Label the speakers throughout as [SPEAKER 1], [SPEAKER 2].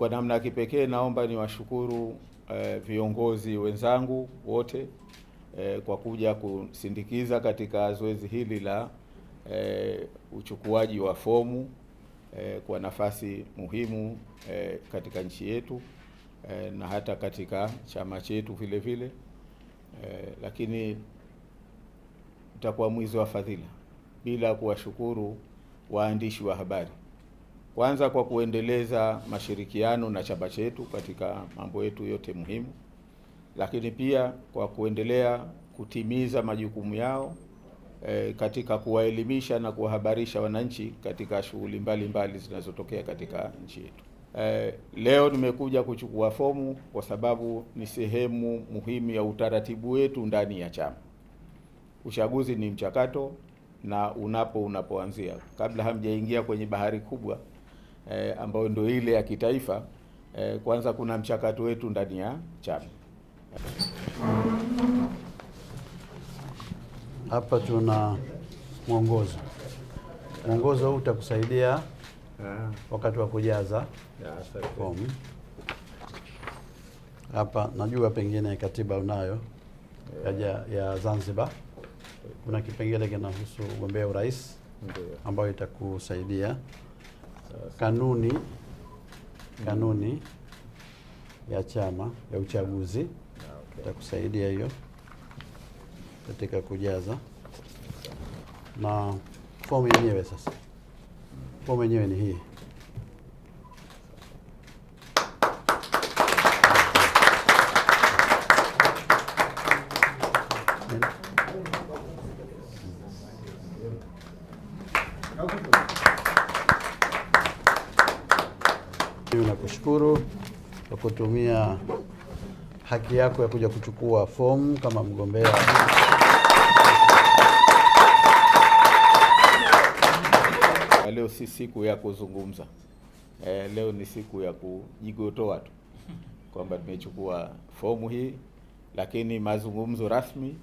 [SPEAKER 1] kwa namna ya kipekee naomba niwashukuru e, viongozi wenzangu wote e, kwa kuja kusindikiza katika zoezi hili la e, uchukuaji wa fomu e, kwa nafasi muhimu e, katika nchi yetu e, na hata katika chama chetu vile vile e, lakini itakuwa mwizi wa fadhila bila kuwashukuru waandishi wa habari kwanza kwa kuendeleza mashirikiano na chama chetu katika mambo yetu yote muhimu, lakini pia kwa kuendelea kutimiza majukumu yao e, katika kuwaelimisha na kuwahabarisha wananchi katika shughuli mbalimbali zinazotokea katika nchi yetu. E, leo nimekuja kuchukua fomu kwa sababu ni sehemu muhimu ya utaratibu wetu ndani ya chama. Uchaguzi ni mchakato na unapo unapoanzia kabla hamjaingia kwenye bahari kubwa eh, ambayo ndio ile ya kitaifa eh, kwanza kuna mchakato wetu ndani ya chama
[SPEAKER 2] hapa tuna mwongozo. Mwongozo huu utakusaidia ah. wakati wa kujaza fomu hapa. Najua pengine katiba unayo ya, ya Zanzibar, kuna kipengele kinahusu ugombea urais ambayo itakusaidia kanuni kanuni ya chama ya uchaguzi itakusaidia hiyo katika kujaza na fomu yenyewe. Sasa fomu yenyewe ni hii Mimi nakushukuru kwa kutumia haki yako ya kuja kuchukua fomu kama mgombea
[SPEAKER 1] Leo si siku ya kuzungumza eh, leo ni siku ya kujigotoa tu kwamba tumechukua fomu hii, lakini mazungumzo rasmi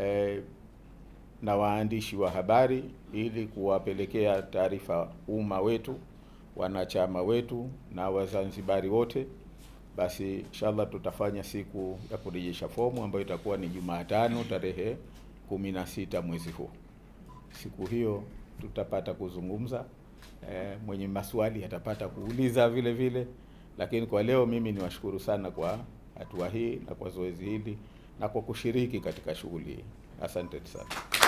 [SPEAKER 1] eh, na waandishi wa habari ili kuwapelekea taarifa umma wetu wanachama wetu na Wazanzibari wote, basi inshallah tutafanya siku ya kurejesha fomu ambayo itakuwa ni Jumatano tarehe 16 mwezi huu. Siku hiyo tutapata kuzungumza e, mwenye maswali atapata kuuliza vile vile, lakini kwa leo mimi niwashukuru sana kwa hatua hii na kwa zoezi hili na kwa kushiriki katika shughuli hii. asante sana.